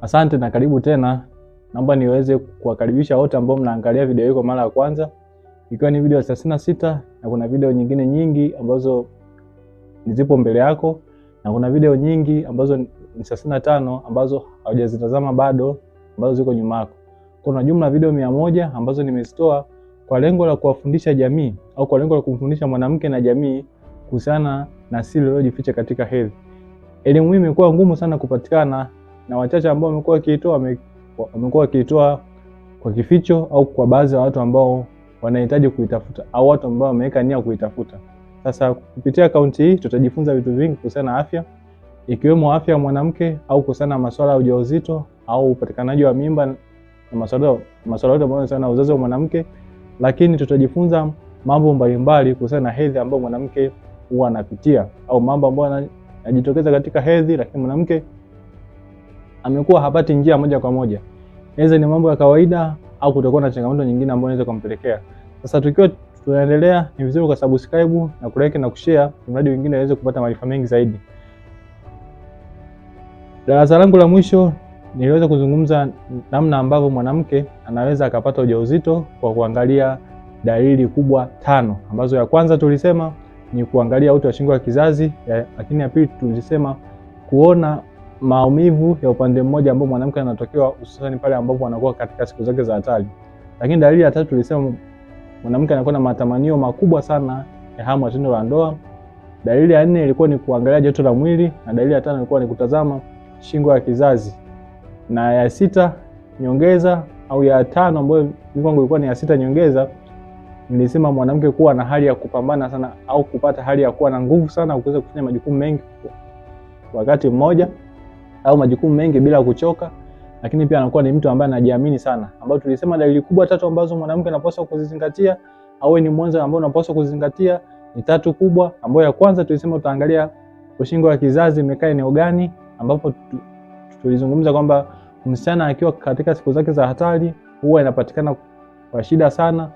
Asante na karibu tena. Naomba niweze kuwakaribisha wote ambao mnaangalia video hii kwa mara ya kwanza, ikiwa ni video ya sita na kuna video nyingine nyingi ambazo zipo mbele yako na kuna video nyingi ambazo ni tano ambazo haujazitazama bado, ambazo ziko nyuma yako. Kuna jumla video mia moja ambazo nimezitoa kwa lengo la kuwafundisha jamii au kwa lengo la kumfundisha mwanamke na jamii kuhusiana na siri iliyojificha katika hedhi. Elimu hii imekuwa ngumu sana kupatikana na wachache ambao wamekuwa wakiitoa wamekuwa wakiitoa kwa kificho au kwa baadhi ya watu ambao wanahitaji kuitafuta au watu ambao wameweka nia kuitafuta. Sasa kupitia akaunti hii tutajifunza vitu vingi kuhusiana na afya ikiwemo afya ya mwanamke au kuhusiana na masuala ya ujauzito au upatikanaji wa mimba na masuala yote ambayo yanahusiana na uzazi wa mwanamke, lakini tutajifunza mambo mbalimbali kuhusiana na hedhi ambayo mwanamke huwa anapitia au mambo ambayo yanajitokeza katika hedhi, lakini mwanamke amekuwa hapati njia moja kwa moja, inaweza ni mambo ya kawaida au kutakuwa na changamoto nyingine ambayo inaweza kumpelekea. Sasa tukiwa tunaendelea, ni vizuri ukasubscribe na kulike na kushare, mradi wengine waweze kupata maarifa mengi zaidi. Darasa langu la mwisho niliweza kuzungumza namna ambavyo mwanamke anaweza akapata ujauzito kwa kuangalia dalili kubwa tano, ambazo ya kwanza tulisema ni kuangalia uti wa shingo ya kizazi, lakini ya pili tulisema kuona maumivu ya upande mmoja ambao mwanamke anatokewa hususan pale ambapo anakuwa katika siku zake za hatari. Lakini dalili ya tatu tulisema mwanamke anakuwa na matamanio makubwa sana ya hamu ya tendo la ndoa. Dalili ya nne ilikuwa ni kuangalia joto la mwili, na dalili ya tano ilikuwa ni kutazama shingo ya kizazi, na ya sita nyongeza au ya tano ambayo kwangu ilikuwa ni ya sita nyongeza, nilisema mwanamke kuwa na hali ya kupambana sana au kupata hali ya kuwa na nguvu sana kuweza kufanya majukumu mengi wakati mmoja au majukumu mengi bila kuchoka, lakini pia anakuwa ni mtu ambaye anajiamini sana, ambao tulisema dalili kubwa tatu ambazo mwanamke anapaswa kuzizingatia awe ni mwanzo ambao unapaswa kuzingatia ni tatu kubwa, ambayo ya kwanza tulisema tutaangalia ushingo wa kizazi imekaa eneo gani, ambapo tulizungumza kwamba msichana akiwa katika siku zake za hatari huwa inapatikana kwa shida sana,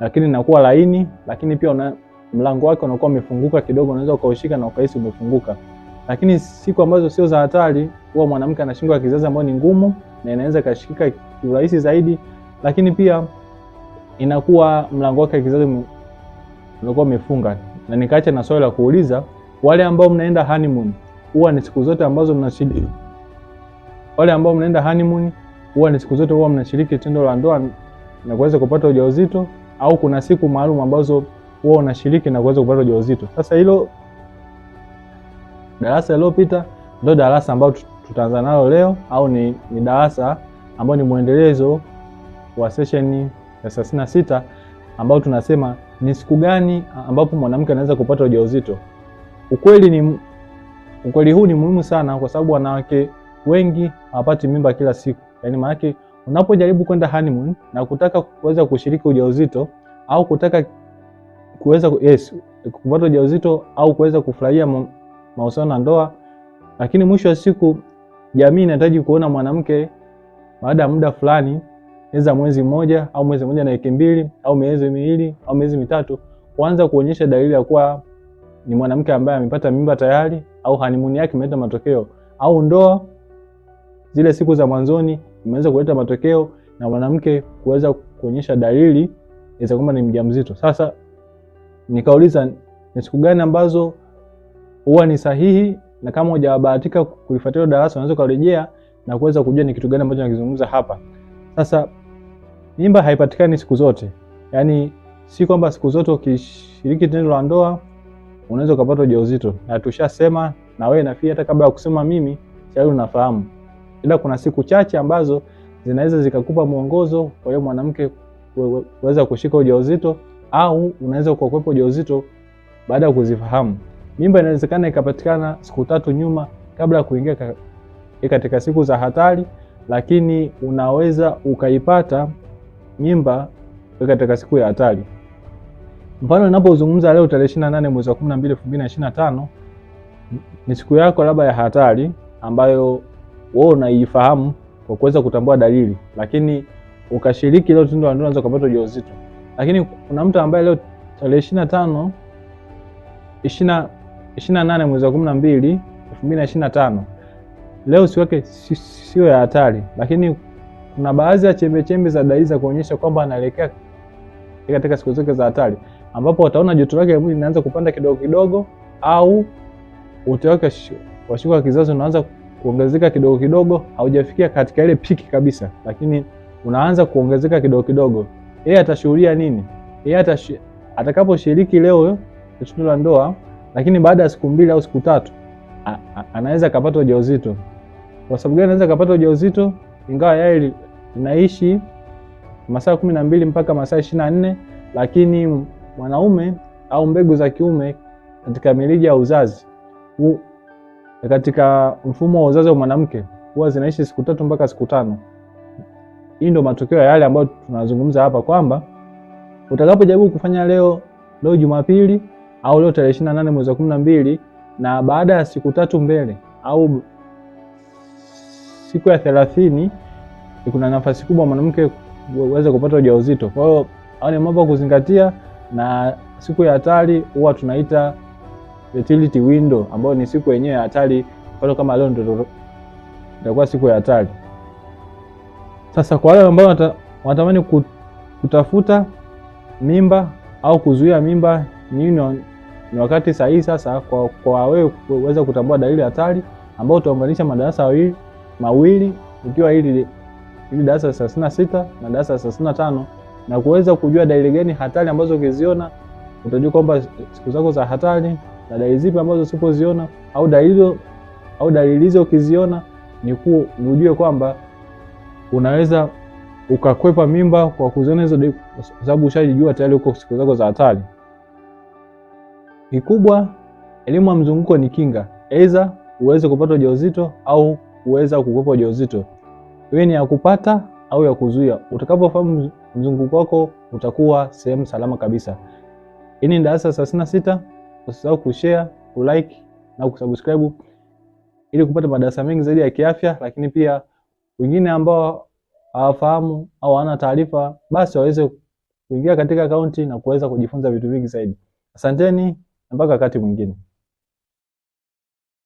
lakini inakuwa laini, lakini pia una, mlango wake unakuwa umefunguka kidogo, unaweza ukaushika na ukahisi umefunguka. Lakini siku ambazo sio za hatari, huwa mwanamke ana shingo ya kizazi ambayo ni ngumu na inaweza ikashikika kiurahisi zaidi, lakini pia inakuwa mlango wake kizazi unakuwa umefunga. Na nikaacha na swali la kuuliza, wale ambao mnaenda honeymoon huwa ni siku zote ambazo mnashiriki, wale ambao mnaenda honeymoon huwa ni siku zote huwa mnashiriki tendo la ndoa na kuweza kupata ujauzito, au kuna siku maalum ambazo huwa unashiriki na kuweza kupata ujauzito? Sasa hilo darasa lililopita ndio darasa ambalo tutaanza nalo leo, au ni, ni darasa ambayo ni mwendelezo wa sesheni ya thelathini na sita ambao tunasema ni siku gani ambapo mwanamke anaweza kupata ujauzito. Ukweli ni ukweli huu ni muhimu sana, kwa sababu wanawake wengi hawapati mimba kila siku. Yani maanake unapojaribu kwenda honeymoon na kutaka kuweza kushiriki ujauzito au kutaka kuweza yes kupata ujauzito au kuweza kufurahia mahusiano na ndoa, lakini mwisho wa siku jamii inahitaji kuona mwanamke baada ya muda fulani, aidha mwezi mmoja au mwezi mmoja na wiki mbili au miezi miwili au miezi mitatu, kuanza kuonyesha dalili ya kuwa ni mwanamke ambaye amepata mimba tayari au hanimuni yake imeleta matokeo au ndoa zile siku za mwanzoni imeweza kuleta matokeo na mwanamke kuweza kuonyesha dalili za kwamba ni mjamzito. Sasa nikauliza ni siku gani ambazo huwa ni sahihi, na kama hujabahatika kuifuatilia darasa, unaweza kurejea na kuweza kujua ni kitu gani ambacho nakizungumza hapa. Sasa mimba haipatikani siku zote, yaani si kwamba siku zote ukishiriki tendo la ndoa unaweza ukapata ujauzito, na tushasema na wewe nafii, hata kabla ya kusema mimi tayari unafahamu, ila kuna siku chache ambazo zinaweza zikakupa mwongozo kwa hiyo mwanamke kuweza kushika ujauzito au unaweza kuokwepa ujauzito baada ya kuzifahamu. Mimba inawezekana ikapatikana siku tatu nyuma kabla ya kuingia e, katika siku za hatari, lakini unaweza ukaipata mimba katika siku ya hatari. Mfano, ninapozungumza leo tarehe 28 mwezi wa 12 2025 ni siku yako labda ya hatari ambayo wewe unaifahamu kwa kuweza kutambua dalili, lakini ukashiriki leo tendo la ndoa, unaweza kupata ujauzito. Lakini kuna mtu ambaye leo tarehe 25 20 28 mwezi wa 12 2025. Leo siku yake sio ya hatari, lakini kuna baadhi ya chembechembe za dalili za kuonyesha kwamba anaelekea katika siku zake za hatari, ambapo utaona joto lake mwili linaanza kupanda kidogo kidogo, au ute wake wa shingo ya kizazi unaanza kuongezeka kidogo kidogo. Haujafikia katika ile piki kabisa, lakini unaanza kuongezeka kidogo kidogo. Yeye atashuhudia nini? Yeye atakaposhiriki leo tendo la ndoa lakini baada ya siku mbili au siku tatu anaweza akapata ujauzito. Kwa sababu gani anaweza akapata ujauzito ingawa yai linaishi masaa kumi na mbili mpaka masaa ishirini na nne lakini mwanaume au mbegu za kiume katika mirija ya uzazi u, katika mfumo wa uzazi wa mwanamke huwa zinaishi siku tatu mpaka siku tano. Hii ndio matokeo ya yale ambayo tunazungumza hapa kwamba utakapojaribu kufanya leo leo Jumapili au leo tarehe 28 mwezi wa kumi na baada ya siku tatu mbele au siku ya 30 kuna nafasi kubwa mwanamke uweze kupata ujauzito. Kwa hiyo au ni mambo ya kuzingatia, na siku ya hatari huwa tunaita fertility window, ambayo ni siku yenyewe ya hatari. Kwa kama leo ndio itakuwa siku ya hatari. Sasa kwa wale ambao wanatamani kutafuta mimba au kuzuia mimba, ni ni wakati sahihi sasa kwa, kwa wewe kuweza kutambua dalili hatari ambao utaunganisha madarasa mawili mawili ukiwa hili hili darasa la 36 na darasa la 35 na kuweza kujua dalili gani hatari ambazo ukiziona utajua kwamba siku zako za hatari na dalili zipi ambazo usipoziona au dalili au dalili hizo ukiziona ni ku ujue kwamba unaweza ukakwepa mimba kwa kuziona hizo, kwa sababu ushajijua tayari uko siku zako za hatari. Kikubwa, elimu ya mzunguko ni kinga, aidha uweze kupata ujauzito au uweza kukwepa ujauzito, hiyo ni ya kupata au ya kuzuia. Utakapofahamu mzunguko wako, utakuwa sehemu salama kabisa. Hii ni darasa 36. Usisahau kushare, kulike na kusubscribe ili kupata madarasa mengi zaidi ya kiafya, lakini pia wengine ambao hawafahamu au hawana taarifa, basi waweze kuingia katika akaunti na kuweza kujifunza vitu vingi zaidi. Asanteni mpaka wakati mwingine.